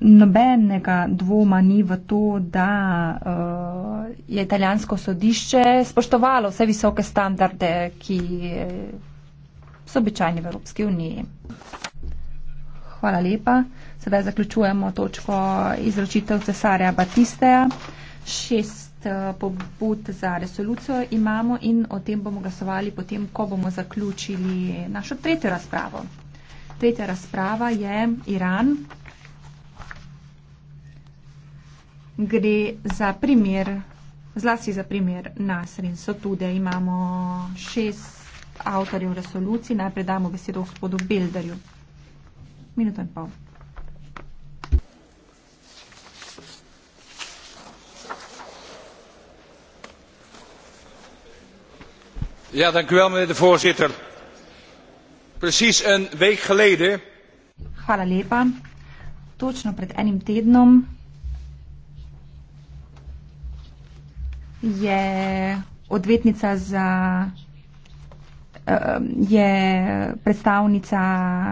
Nobenega dvoma ni v to, da uh, je italijansko sodišče spoštovalo vse visoke standarde, ki eh, so običajni v Evropski uniji. Hvala lepa. Sedaj zaključujemo točko izročitev cesarja Batisteja. Šest eh, pobud za resolucijo imamo in o tem bomo glasovali potem, ko bomo zaključili našo tretjo razpravo. Tretja razprava je Iran. gre za primer, zlasti za primer Nasrin Sotude. Imamo šest avtorjev resolucij. Najprej damo besedo gospodu Bilderju. Minuto in pol. Ja, dank u wel, meneer de voorzitter. Precies een week geleden. Hvala lepa. Točno pred enim tednom je odvetnica za, eh, je predstavnica,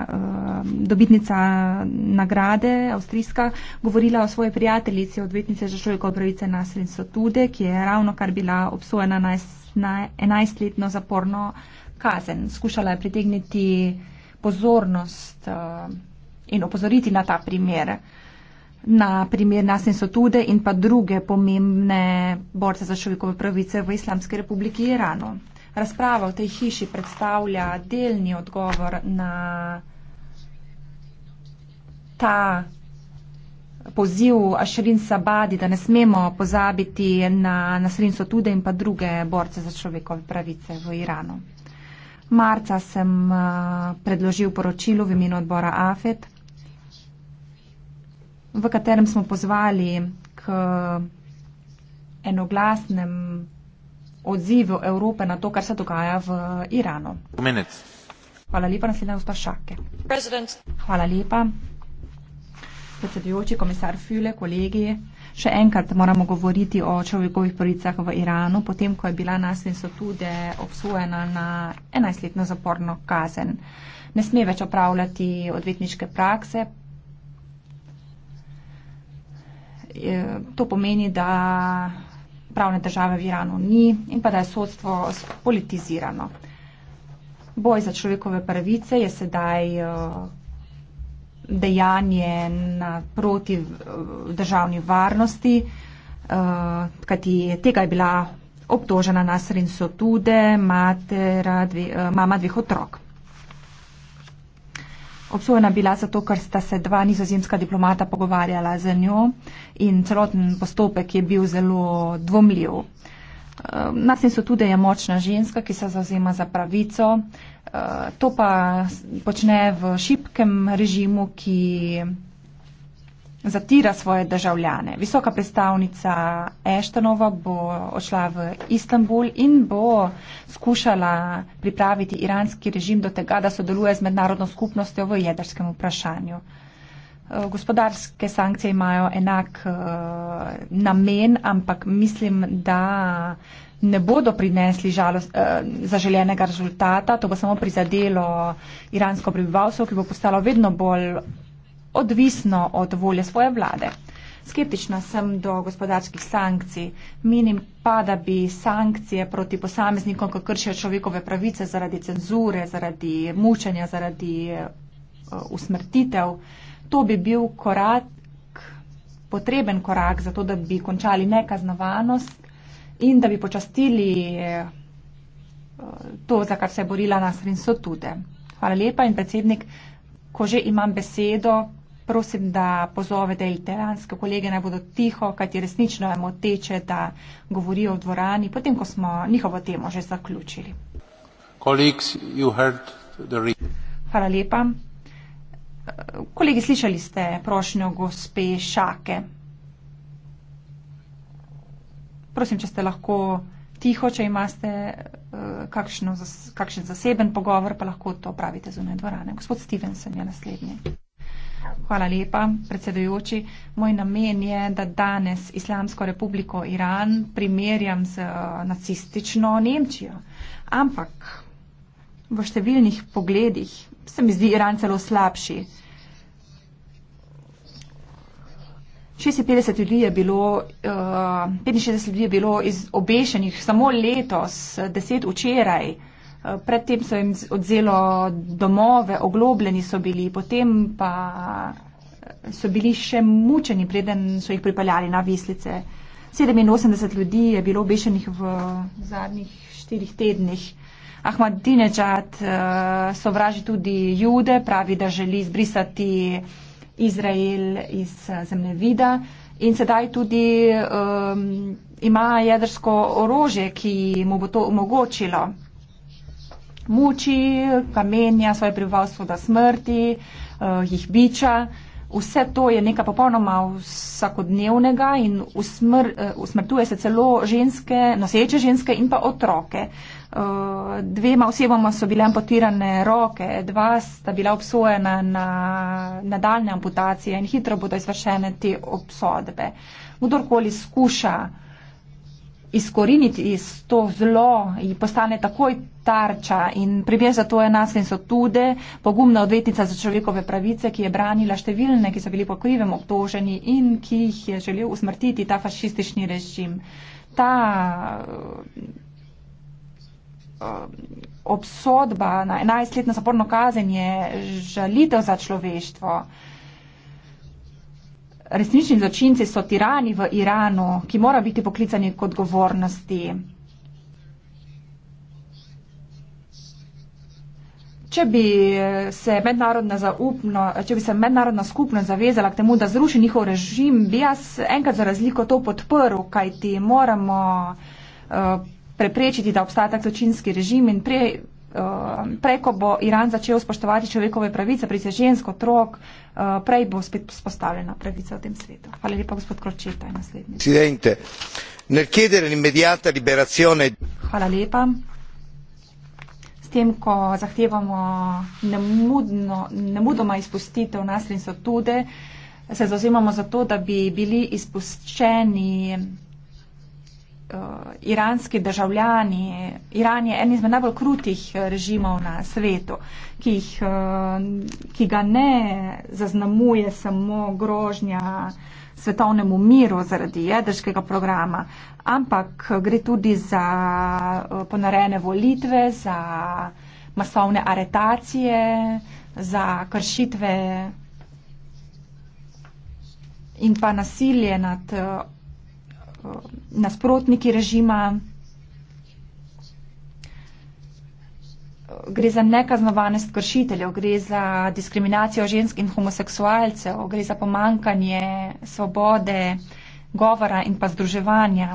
eh, dobitnica nagrade, avstrijska, govorila o svoji prijateljici, odvetnice za človekove pravice Nasrin Sotude, ki je ravno kar bila obsojena na enajstletno zaporno kazen. Skušala je pritegniti pozornost eh, in opozoriti na ta primer na primer Nasen Sotude in pa druge pomembne borce za človekove pravice v Islamski republiki Iranu. Razprava v tej hiši predstavlja delni odgovor na ta poziv Ašerin Sabadi, da ne smemo pozabiti na Nasrin Sotude in pa druge borce za človekove pravice v Iranu. Marca sem eh, predložil poročilo v imenu odbora AFED v katerem smo pozvali k enoglasnem odzivu Evrope na to, kar se dogaja v Iranu. Hvala lepa, naslednja gospa Šake. President. Hvala lepa, predsedujoči komisar File, kolegi. Še enkrat moramo govoriti o človekovih pravicah v Iranu, potem, ko je bila Nasrin Sotude obsojena na 11-letno zaporno kazen. Ne sme več opravljati odvetniške prakse, to pomeni, da pravne države v Iranu ni in pa da je sodstvo politizirano. Boj za človekove pravice je sedaj eh, dejanje proti eh, državni varnosti, eh, kajti tega je bila obtožena Nasrin Sotude, mater, dve, mama dveh otrok obsojena bila zato, ker sta se dva nizozemska diplomata pogovarjala z njo in celoten postopek je bil zelo dvomljiv. Ehm, Nas niso tudi, da je močna ženska, ki se zauzema za pravico. Ehm, to pa počne v šipkem režimu, ki zatira svoje državljane. Visoka predstavnica Eštonova bo odšla v Istanbul in bo skušala pripraviti iranski režim do tega, da sodeluje z mednarodno skupnostjo v jedrskem vprašanju. Eh, gospodarske sankcije imajo enak eh, namen, ampak mislim, da ne bodo prinesli žalost, eh, zaželjenega rezultata. To bo samo prizadelo iransko prebivalstvo, ki bo postalo vedno bolj odvisno od volje svoje vlade. Skeptična sem do gospodarskih sankcij. Menim pa, da bi sankcije proti posameznikom, ko kršijo človekove pravice zaradi cenzure, zaradi mučenja, zaradi eh, usmrtitev, to bi bil korak, potreben korak za to, da bi končali nekaznovanost in da bi počastili eh, to, za kar se je borila nas Rinsotude. Hvala lepa in predsednik, ko že imam besedo, prosim, da pozovete italijanske kolege, naj bodo tiho, kajti resnično je moteče, da govorijo v dvorani, potem ko smo njihovo temo že zaključili. Hvala lepa. Kolegi, slišali ste prošnjo gospe Šake. Prosim, če ste lahko tiho, če imate eh, kakšno, kakšen zaseben pogovor, pa lahko to pravite zunaj dvorane. Gospod Stevenson je naslednji. Hvala lepa, predsedujoči. Moj namen je, da danes Islamsko republiko Iran primerjam z eh, nacistično Nemčijo. Ampak v številnih pogledih se mi zdi Iran celo slabši. 65 ljudi je bilo, uh, eh, 65 ljudi je bilo iz obešenih samo letos, 10 včeraj. Uh, predtem so jim odzelo domove, oglobljeni so bili, potem pa so bili še mučeni, preden so jih pripeljali na vislice. 87 ljudi je bilo obešenih v zadnjih štirih tednih. Ahmadinejad eh, sovraži tudi jude, pravi, da želi izbrisati Izrael iz eh, zemljevida in sedaj tudi um, ima jedrsko orožje, ki mu bo to omogočilo muči, kamenja svoje prebivalstvo do smrti, uh, jih biča. Vse to je nekaj popolnoma vsakodnevnega in usmr, uh, usmrtuje se celo ženske, noseče ženske in pa otroke. Uh, dvema osebama so bile amputirane roke, dva sta bila obsojena na nadaljne amputacije in hitro bodo izvršene te obsodbe. Kdorkoli skuša, uh, izkoriniti iz to zlo in postane takoj tarča. In primer za to je Naslin Sotude, pogumna odvetnica za človekove pravice, ki je branila številne, ki so bili po krivem obtoženi in ki jih je želel usmrtiti ta fašistični režim. Ta eh, obsodba na 11-letno zaporno kazen je žalitev za človeštvo resnični zločinci so tirani v Iranu, ki morajo biti poklicani kot govornosti. Če bi, se zaupno, če bi se mednarodna skupnost zavezala k temu, da zruši njihov režim, bi jaz enkrat za razliko to podprl, kaj ti moramo uh, preprečiti, da obstaja tak zločinski režim in prej Um, prej, ko bo Iran začel spoštovati človekove pravice, prej se žensko, otrok, uh, prej bo spet spostavljena pravica v tem svetu. Hvala lepa, gospod Kročeta, naslednji. Presidente, nel chiedere immediata liberazione. Hvala lepa. S tem, ko zahtevamo nemudoma izpustitev nasilnice tude, se zauzemamo za to, da bi bili izpuščeni uh, iranski državljani. Iran je en izmed najbolj krutih eh, režimov na svetu, ki, jih, uh, ki ga ne zaznamuje samo grožnja svetovnemu miru zaradi jedrskega programa, ampak gre tudi za ponarejene volitve, za masovne aretacije, za kršitve in pa nasilje nad nasprotniki režima. Gre za nekaznovanost kršiteljev, gre za diskriminacijo žensk in homoseksualcev, gre za pomankanje svobode govora in pa združevanja.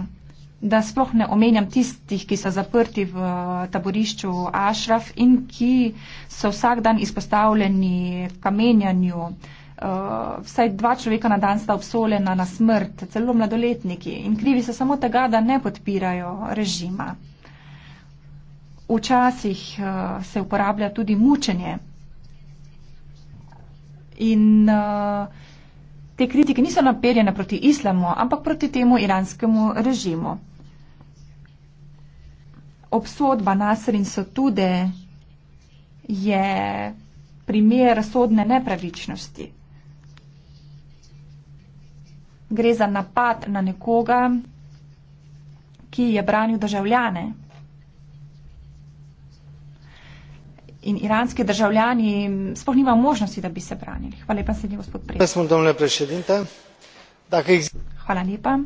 Da sploh ne omenjam tistih, ki so zaprti v taborišču Ašraf in ki so vsak dan izpostavljeni kamenjanju, uh, uh, vsaj dva človeka na dan sta obsoljena na smrt, celo mladoletniki. In krivi so samo tega, da ne podpirajo režima. Včasih uh, se uporablja tudi mučenje. In uh, te kritike niso naperjene proti islamu, ampak proti temu iranskemu režimu. Obsodba Nasrin Sotude je primer sodne nepravičnosti gre za napad na nekoga, ki je branil državljane. In iranski državljani sploh nima možnosti, da bi se branili. Hvala lepa, sedi gospod predsednik. Hvala lepa.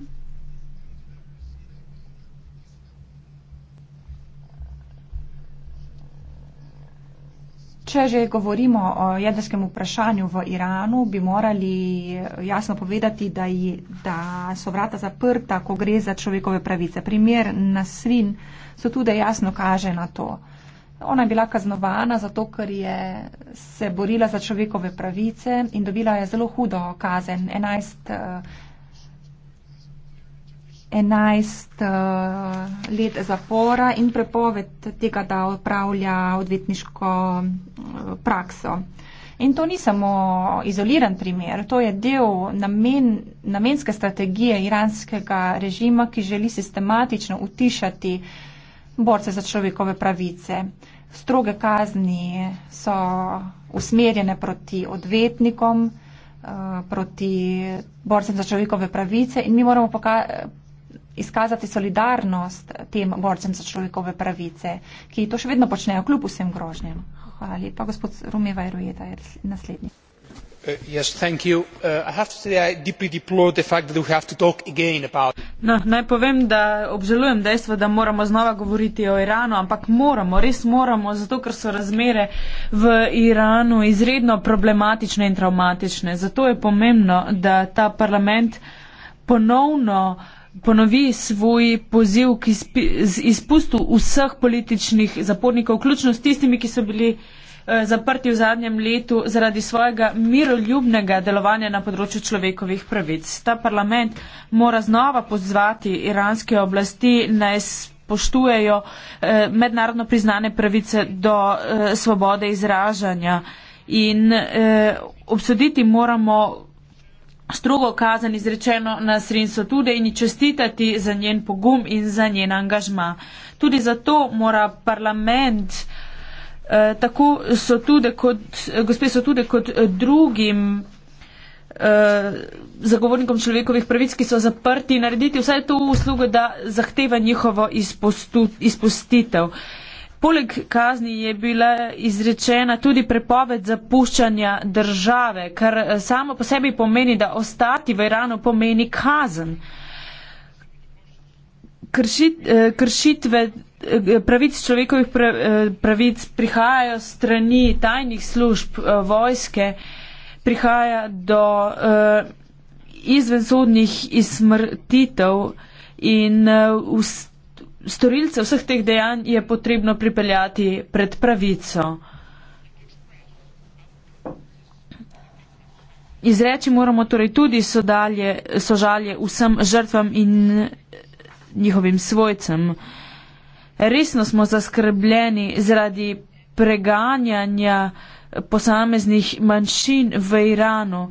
Če že govorimo o jedrskem vprašanju v Iranu, bi morali eh, jasno povedati, da, je, da so vrata zaprta, ko gre za človekove pravice. Primer nasrin so tudi jasno kaže na to. Ona je bila kaznovana zato, ker je se borila za človekove pravice in dobila je zelo hudo kazen, 11 uh, eh, 11 uh, eh, let zapora in prepoved tega, da odpravlja odvetniško eh, prakso. In to ni samo izoliran primer, to je del namen, namenske strategije iranskega režima, ki želi sistematično utišati borce za človekove pravice. Stroge kazni so usmerjene proti odvetnikom, eh, proti borcem za človekove pravice in mi moramo pokazati, izkazati solidarnost tem borcem za človekove pravice, ki to še vedno počnejo kljub vsem grožnjam. Hvala lepa, gospod Rumeva Erujeta je naslednji. Uh, uh, no, naj povem, da obžalujem dejstvo, da moramo znova govoriti o Iranu, ampak moramo, res moramo, zato ker so razmere v Iranu izredno problematične in traumatične. Zato je pomembno, da ta parlament ponovno uh, ponovi svoj poziv k izpustu vseh političnih zapornikov, vključno s tistimi, ki so bili eh, zaprti v zadnjem letu zaradi svojega miroljubnega delovanja na področju človekovih pravic. Ta parlament mora znova pozvati iranske oblasti naj spoštujejo eh, mednarodno priznane pravice do eh, svobode izražanja in obsoditi moramo strogo kazen izrečeno na srinso tudi in čestitati za njen pogum in za njen angažma. Tudi zato mora parlament eh, tako so tudi kot, gospe so tudi kot eh, drugim eh, zagovornikom človekovih pravic, ki so zaprti, narediti vse to v uslugo, da zahteva njihovo izpostu, izpustitev. Poleg kazni je bila izrečena tudi prepoved zapuščanja države, kar eh, samo po sebi pomeni, da ostati v Iranu pomeni kazen. Kršit, eh, kršitve eh, pravic človekovih pravic prihajajo strani tajnih služb vojske, prihaja do izvensodnih izsmrtitev in ustavljanja storilce vseh teh dejanj je potrebno pripeljati pred pravico. Izreči moramo torej tudi sodalje, sožalje vsem žrtvam in njihovim svojcem. Resno smo zaskrbljeni zaradi preganjanja posameznih manjšin v Iranu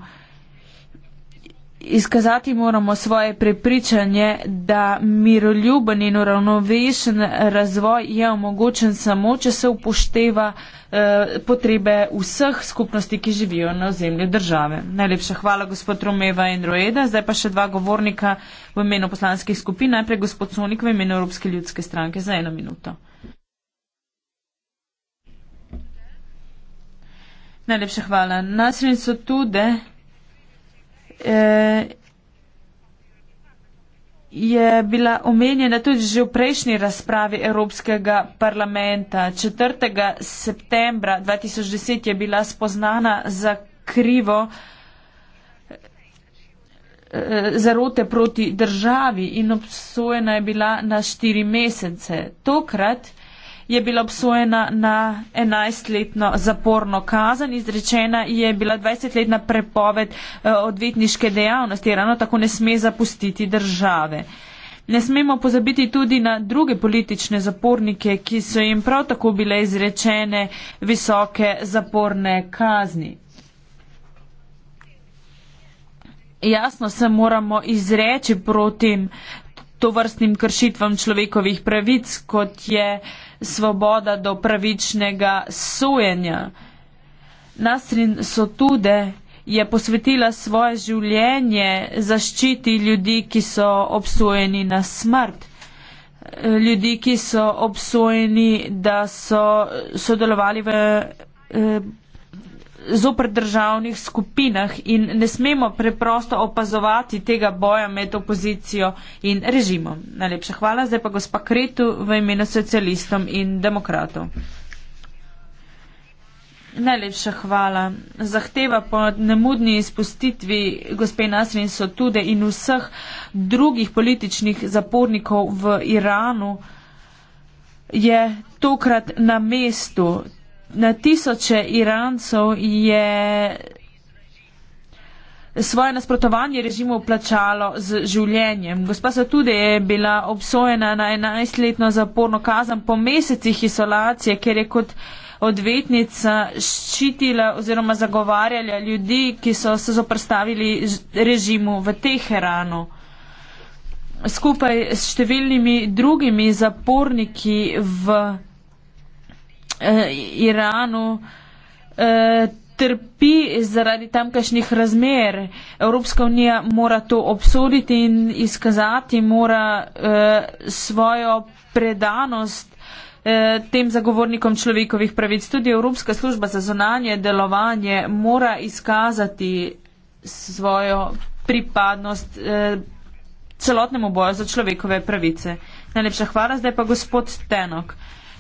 izkazati moramo svoje prepričanje, da miroljuben in uravnovešen razvoj je omogočen samo, če se upošteva eh, potrebe vseh skupnosti, ki živijo na ozemlju države. Najlepša hvala, gospod Romeva in Rojeda. Zdaj pa še dva govornika v imenu poslanskih skupin. Najprej gospod Sonik v imenu Evropske ljudske stranke za eno minuto. Najlepša hvala. Nasrednico tudi. Eh, je bila omenjena tudi že v prejšnji razpravi Evropskega parlamenta. 4. septembra 2010 je bila spoznana za krivo eh, zarote proti državi in obsojena je bila na štiri mesece. Tokrat je bila obsojena na 11-letno zaporno kazen, izrečena je bila 20-letna prepoved eh, odvetniške dejavnosti, ravno tako ne sme zapustiti države. Ne smemo pozabiti tudi na druge politične zapornike, ki so jim prav tako bile izrečene visoke zaporne kazni. Jasno se moramo izreči proti to vrstnim kršitvam človekovih pravic, kot je svoboda do pravičnega sojenja. Nasrin Sotude je posvetila svoje življenje zaščiti ljudi, ki so obsojeni na smrt. Ljudi, ki so obsojeni, da so sodelovali v. Eh, zopr državnih skupinah in ne smemo preprosto opazovati tega boja med opozicijo in režimom. Najlepša hvala, zdaj pa gospa Kretu v imenu socialistom in demokratov. Najlepša hvala. Zahteva po nemudni izpustitvi gospe Nasrin Sotude in vseh drugih političnih zapornikov v Iranu je tokrat na mestu na tisoče Irancov je svoje nasprotovanje režimu plačalo z življenjem. Gospa se tudi je bila obsojena na 11-letno zaporno kazen po mesecih izolacije, ker je kot odvetnica ščitila oziroma zagovarjala ljudi, ki so se zoprstavili režimu v Teheranu. Skupaj s številnimi drugimi zaporniki v Teheranu eh, Iranu eh, trpi zaradi tamkajšnjih razmer. Evropska unija mora to obsoditi in izkazati, mora eh, svojo predanost eh, tem zagovornikom človekovih pravic. Tudi Evropska služba za zonanje delovanje mora izkazati svojo pripadnost eh, celotnemu boju za človekove pravice. Najlepša hvala, zdaj pa gospod Tenok.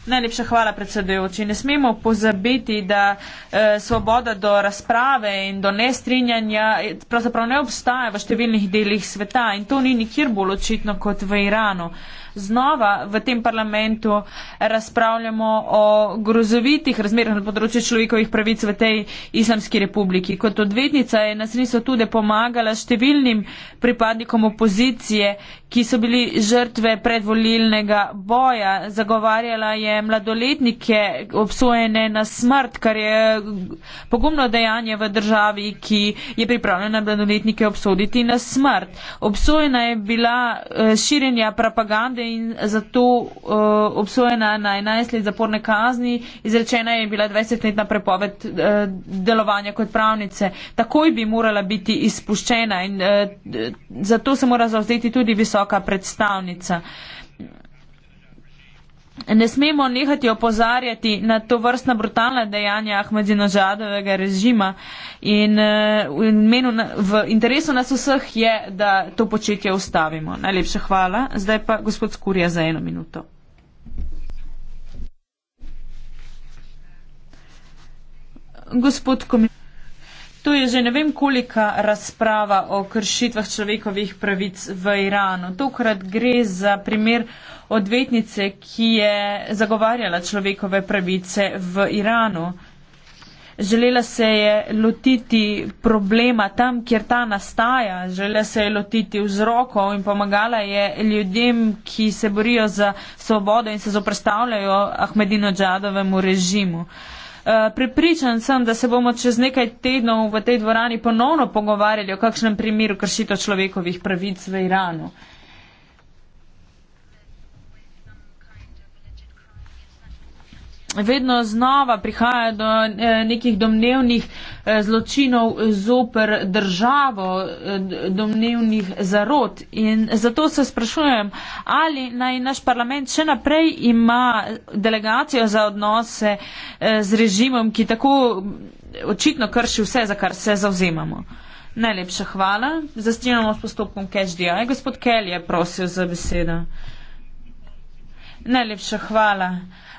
Najlepša hvala, predsedujoči. Ne smemo pozabiti, da eh, svoboda do razprave in do nestrinjanja eh, pravzaprav ne obstaja v številnih delih sveta in to ni nikjer bolj očitno kot v Iranu. Eh, znova v tem parlamentu razpravljamo o grozovitih razmerah na področju človekovih pravic v tej islamski republiki. Kot odvetnica je nasilnica tudi pomagala številnim pripadnikom opozicije, ki so bili žrtve predvolilnega boja. Zagovarjala je mladoletnike obsojene na smrt, kar je pogumno dejanje v državi, ki je pripravljena mladoletnike obsoditi na smrt. Obsojena je bila eh, širjenja propagande in zato uh, obsojena na 11 let zaporne kazni, izrečena je bila 20-letna prepoved uh, delovanja kot pravnice. Takoj bi morala biti izpuščena in uh, zato se mora zauzeti tudi visoka predstavnica. Ne smemo nehati opozarjati na to vrstna brutalna dejanja Ahmedinožadovega režima in eh, menu, v interesu nas vseh je, da to početje ustavimo. Najlepša hvala. Zdaj pa gospod Skurja za eno minuto. Gospod komisar. To je že ne vem kolika razprava o kršitvah človekovih pravic v Iranu. Tokrat gre za primer odvetnice, ki je zagovarjala človekove pravice v Iranu. Želela se je lotiti problema tam, kjer ta nastaja, želela se je lotiti vzrokov in pomagala je ljudem, ki se borijo za svobodo in se zoprstavljajo Ahmedinu Džadovemu režimu. Uh, Eh, Pripričan sem, da se bomo čez nekaj tednov v tej dvorani ponovno pogovarjali o kakšnem primeru kršitev človekovih pravic v Iranu. vedno znova prihaja do eh, nekih domnevnih eh, zločinov zoper državo, eh, domnevnih zarod. In zato se sprašujem, ali naj naš parlament še naprej ima delegacijo za odnose z režimom, ki tako očitno krši vse, za kar se zauzemamo. Najlepša hvala. Zastinjamo s postopkom KEŠDI. Aj, gospod Kelly je prosil za besedo. Najlepša hvala.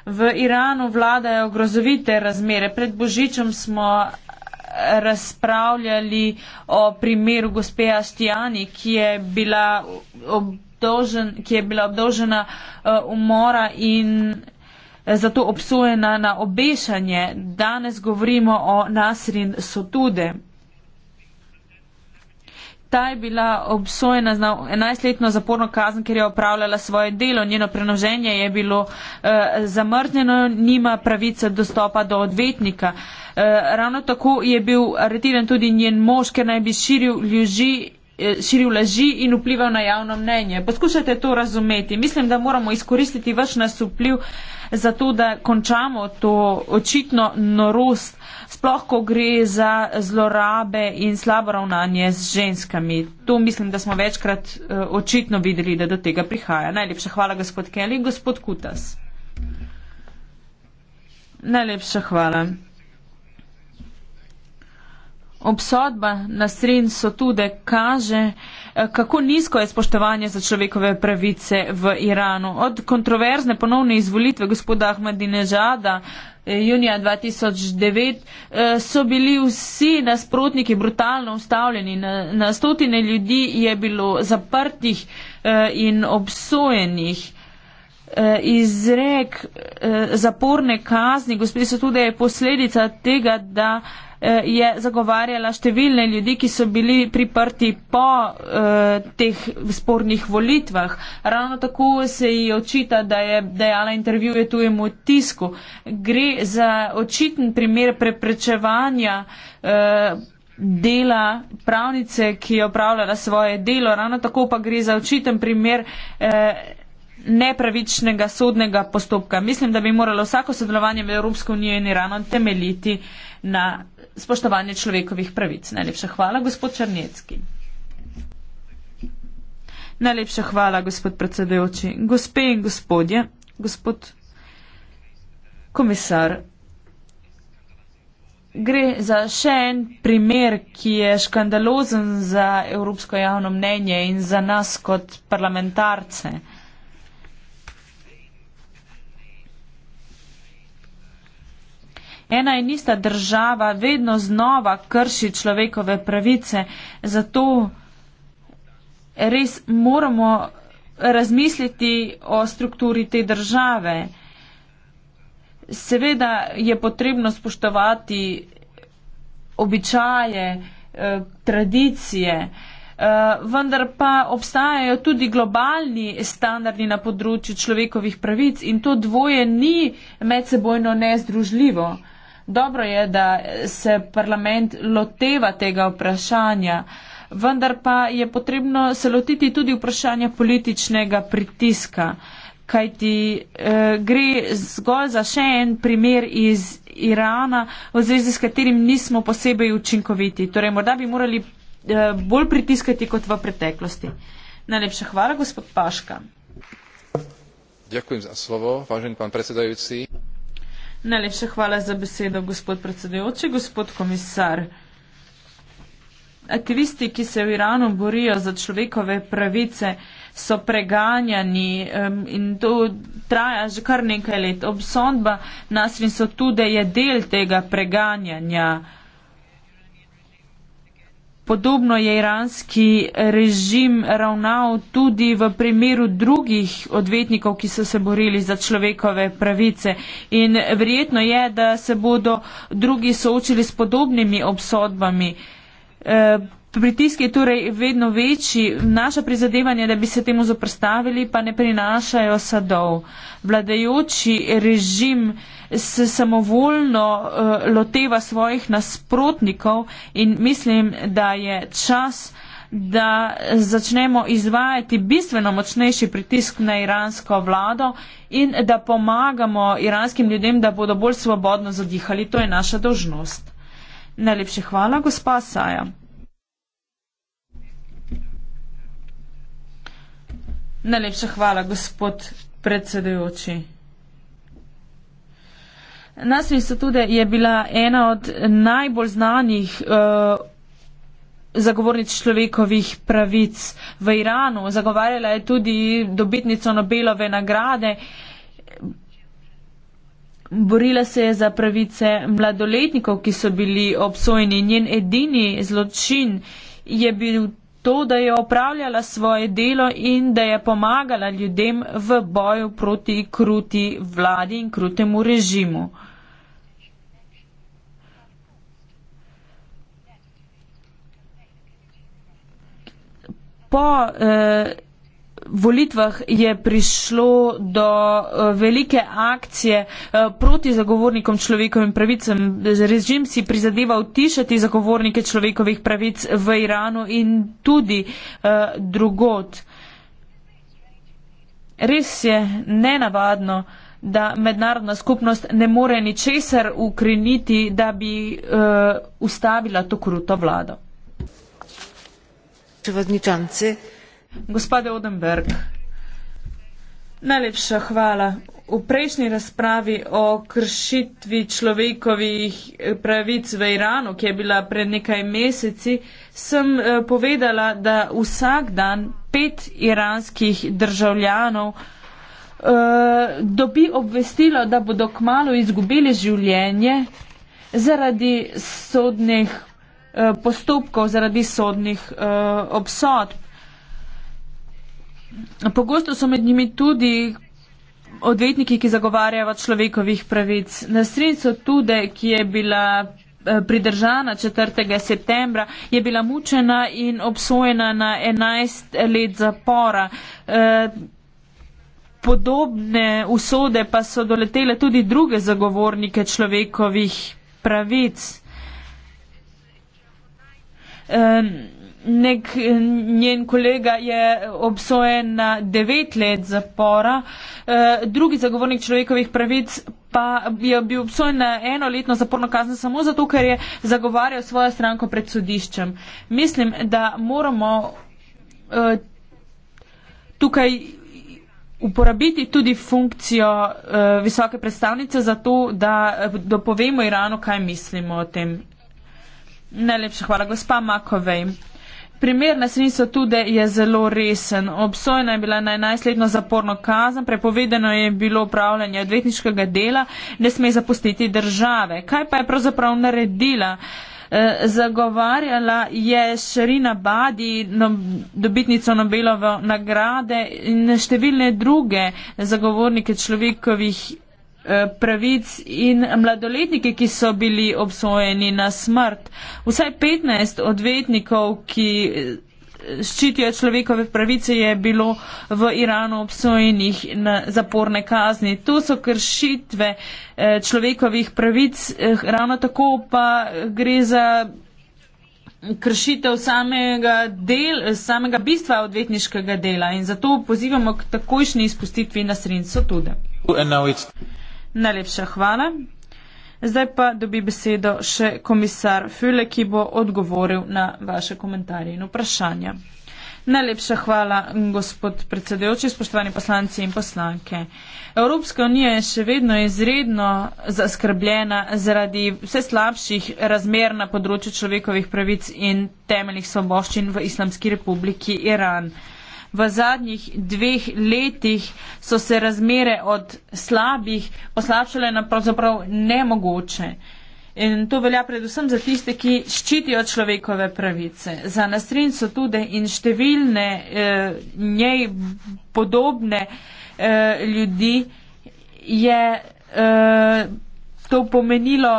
V Iranu vladajo grozovite razmere. Pred božičem smo razpravljali o primeru gospe Astijani, ki je bila, obdolžen, ki je bila obdolžena e, umora in e, zato obsojena na obešanje. Danes govorimo o Nasrin Sotude. Ta je bila obsojena na 11-letno zaporno kazen, ker je opravljala svoje delo. Njeno prenoženje je bilo eh, zamrznjeno, nima pravice dostopa do odvetnika. Eh, ravno tako je bil aretiran tudi njen mož, ker naj bi širil ljuži eh, širil laži in vplival na javno mnenje. Poskušajte to razumeti. Mislim, da moramo izkoristiti vaš nasupljiv uh, za to, da končamo to očitno norost, sploh ko gre za zlorabe in slabo ravnanje z ženskami. To mislim, da smo večkrat eh, očitno videli, da do tega prihaja. Najlepša hvala, gospod Kelly. Gospod Kutas. Najlepša hvala. Obsodba na sredin so tudi kaže, eh, kako nizko je spoštovanje za človekove pravice v Iranu. Od kontroverzne ponovne izvolitve gospoda Ahmadinežada eh, junija 2009 eh, so bili vsi nasprotniki brutalno ustavljeni. Na, na stotine ljudi je bilo zaprtih in obsojenih. Izrek zaporne kazni, gospod, so tudi posledica tega, da Eh, je zagovarjala številne ljudi, ki so bili priprti po eh, teh spornih volitvah. Ravno tako se ji očita, da je dejala intervjuje tujemu tisku. Gre za očiten primer preprečevanja. Eh, dela pravnice, ki je opravljala svoje delo, ravno tako pa gre za očiten primer eh, nepravičnega sodnega postopka. Mislim, da bi moralo vsako sodelovanje v Evropsko unijo in Iranu temeljiti na spoštovanje človekovih pravic. Najlepša hvala, gospod Črnecki. Najlepša hvala, gospod predsedujoči. Gospe in gospodje, gospod komisar, gre za še en primer, ki je škandalozen za evropsko javno mnenje in za nas kot parlamentarce. ena in ista država vedno znova krši človekove pravice. Zato res moramo razmisliti o strukturi te države. Seveda je potrebno spoštovati običaje, eh, tradicije, eh, vendar pa obstajajo tudi globalni standardi na področju človekovih pravic in to dvoje ni medsebojno nezdružljivo. Dobro je, da se parlament loteva tega vprašanja, vendar pa je potrebno se lotiti tudi vprašanja političnega pritiska, kajti eh, gre zgolj za še en primer iz Irana, v zvezi s katerim nismo posebej učinkoviti. Torej, morda bi morali eh, bolj pritiskati kot v preteklosti. Najlepša hvala, gospod Paška. Hvala za slovo, vážen pan predsedajoči. Najlepša hvala za besedo, gospod predsedujoči, gospod komisar. Aktivisti, ki se v Iranu borijo za človekove pravice, so preganjani um, in to traja že kar nekaj let. Obsodba nas in so tudi je del tega preganjanja. Uh, Podobno je iranski režim ravnal tudi v primeru drugih odvetnikov, ki so se borili za človekove pravice. In verjetno je, da se bodo drugi soočili s podobnimi obsodbami. E, Pritisk je torej vedno večji. Naša prizadevanja, da bi se temu zoprstavili, pa ne prinašajo sadov. Vladajoči režim se samovoljno uh, loteva svojih nasprotnikov in mislim, da je čas, da začnemo izvajati bistveno močnejši pritisk na iransko vlado in da pomagamo iranskim ljudem, da bodo bolj svobodno zadihali. To je naša dožnost. Najlepše hvala, gospa Saja. Najlepša hvala, gospod predsedujoči. Nasilje Satude je bila ena od najbolj znanih uh, zagovornic človekovih pravic v Iranu. Zagovarjala je tudi dobitnico Nobelove nagrade. Borila se je za pravice mladoletnikov, ki so bili obsojeni. Njen edini zločin je bil to, da je opravljala svoje delo in da je pomagala ljudem v boju proti kruti vladi in krutemu režimu. Po eh, volitvah je prišlo do eh, velike akcije eh, proti zagovornikom človekovim pravicam. Režim si prizadeva utišati zagovornike človekovih pravic v Iranu in tudi eh, drugot. Res je nenavadno, da mednarodna skupnost ne more ničesar ukriniti, da bi ustavila to kruto vlado. Przewodniczący. Gospode Odenberg, najlepša hvala. V prejšnji razpravi o kršitvi človekovih eh, pravic v Iranu, ki je bila pred nekaj meseci, sem eh, povedala, da vsak dan pet iranskih državljanov eh, dobi obvestilo, da bodo kmalo izgubili življenje zaradi sodnih postopkov, zaradi sodnih obsodb. Pogosto so med njimi tudi odvetniki, ki zagovarjajo človekovih pravic. Na strincu Tude, ki je bila eh, pridržana 4. septembra, je bila mučena in obsojena na 11 let zapora. Eh, podobne usode pa so doletele tudi druge zagovornike človekovih pravic. Eh, nek eh, njen kolega je obsojen na devet let zapora, eh, drugi zagovornik človekovih pravic pa je bil obsojen na eno letno zaporno kazen samo zato, ker je zagovarjal svojo stranko pred sodiščem. Mislim, da moramo eh, tukaj uporabiti tudi funkcijo visoke predstavnice za to, da dopovemo Iranu, kaj mislimo o tem. Najlepša hvala, gospa Makovej. Primer nasilnica tudi je zelo resen. Obsojena je bila na 11-letno zaporno kazen, prepovedano je bilo upravljanje odvetniškega dela, ne sme zapustiti države. Kaj pa je pravzaprav naredila? E, zagovarjala je Šerina Badi, no, dobitnico Nobelove nagrade in številne druge zagovornike človekovih Eh, pravic in mladoletniki, ki so bili obsojeni na smrt. Vsaj 15 odvetnikov, ki eh, ščitijo človekove pravice, je bilo v Iranu obsojenih na zaporne kazni. To so kršitve eh, človekovih pravic, ravno tako pa gre za kršitev samega, del, samega bistva odvetniškega dela in zato pozivamo k takojšnji izpustitvi na srin so tude. Najlepša hvala. Zdaj pa dobi besedo še komisar Füle, ki bo odgovoril na vaše komentarje in vprašanja. Najlepša hvala, gospod predsedujoči, spoštovani poslanci in poslanke. Evropska unija je še vedno izredno zaskrbljena zaradi vse slabših razmer na področju človekovih pravic in temeljnih svoboščin v Islamski republiki Iran v zadnjih dveh letih so se razmere od slabih poslabšale na pravzaprav nemogoče. In to velja predvsem za tiste, ki ščitijo človekove pravice. Za nasrin so tudi in številne eh, njej podobne eh, ljudi je eh, to pomenilo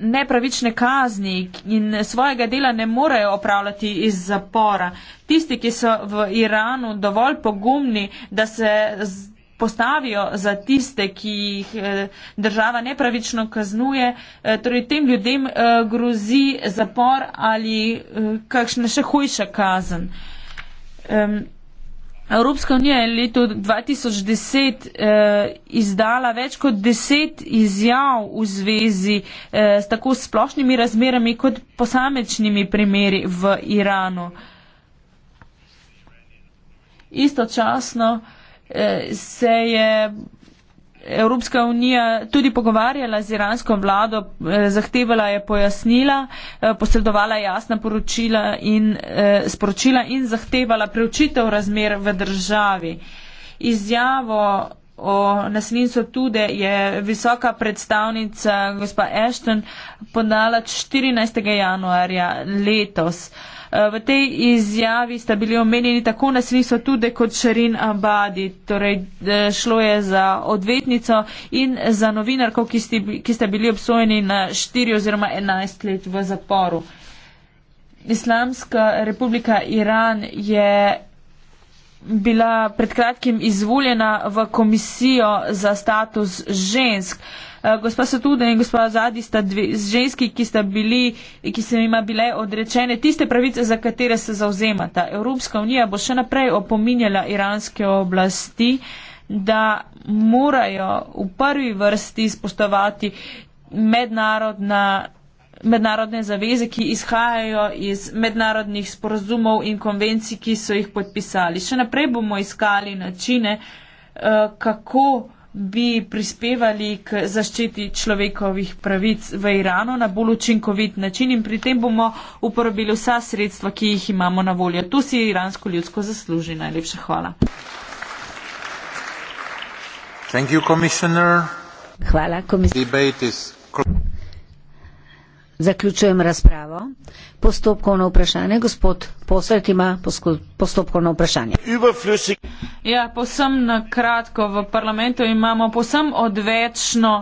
nepravične kazni in svojega dela ne morejo opravljati iz zapora. Tisti, ki so v Iranu dovolj pogumni, da se postavijo za tiste, ki jih eh, država nepravično kaznuje, eh, torej tem ljudem eh, grozi zapor ali kakšna še hujša kazen. Evropska unija je leto 2010 eh, izdala več kot deset izjav v zvezi eh, s tako splošnimi razmerami kot posamečnimi primeri v Iranu. Istočasno eh, se je Evropska unija tudi pogovarjala z iransko vlado, eh, zahtevala je pojasnila, eh, posredovala jasna poročila in eh, sporočila in zahtevala preučitev razmer v državi. Izjavo o nasilnico tude je visoka predstavnica gospa Ashton podala 14. januarja letos. Eh, v tej izjavi sta bili omenjeni tako nasilstvo tudi kot Šerin Abadi. Torej, šlo je za odvetnico in za novinarko, ki, sti, ki sta bili obsojeni na 4 oziroma 11 let v zaporu. Islamska republika Iran je bila pred kratkim izvoljena v komisijo za status žensk. Uh, Eh, gospa Satude in gospa Zadi sta dve ženski, ki sta bili, ki se jima bile odrečene tiste pravice, za katere se zauzemata. Evropska unija bo še naprej opominjala iranske oblasti, da morajo v prvi vrsti spoštovati mednarodna mednarodne zaveze, ki izhajajo iz mednarodnih sporozumov in konvencij, ki so jih podpisali. Še naprej bomo iskali načine, eh, kako bi prispevali k zaščiti človekovih pravic v Iranu na bolj učinkovit način in pri tem bomo uporabili vsa sredstva, ki jih imamo na voljo. Tu si iransko ljudsko zasluži. Najlepša hvala. You, hvala, komisar. Zaključujem razpravo postopkovno vprašanje. Gospod Posret ima postopkovno vprašanje. Ja, posem na kratko v parlamentu imamo posem odvečno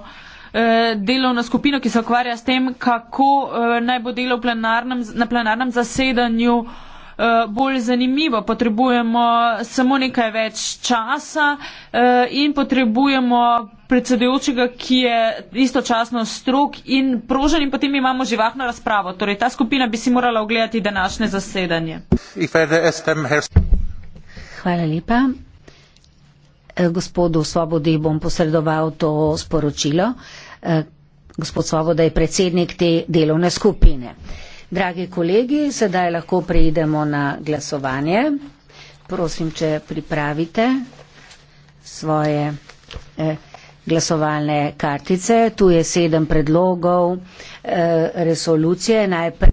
eh, delovna skupina, ki se okvarja s tem, kako eh, naj bo delo v plenarnem, na plenarnem zasedanju Eh, bolj zanimivo. Potrebujemo samo nekaj več časa eh, in potrebujemo predsedujočega, ki je istočasno strok in prožen in potem imamo živahno razpravo. Torej, ta skupina bi si morala ogledati današnje zasedanje. Hvala lepa. Eh, gospodu Svobodi bom posredoval to sporočilo. Gospod Svoboda je predsednik te delovne skupine. Dragi kolegi, sedaj lahko preidemo na glasovanje. Prosim, če pripravite svoje eh, glasovalne kartice. Tu je sedem predlogov eh, resolucije. Najprej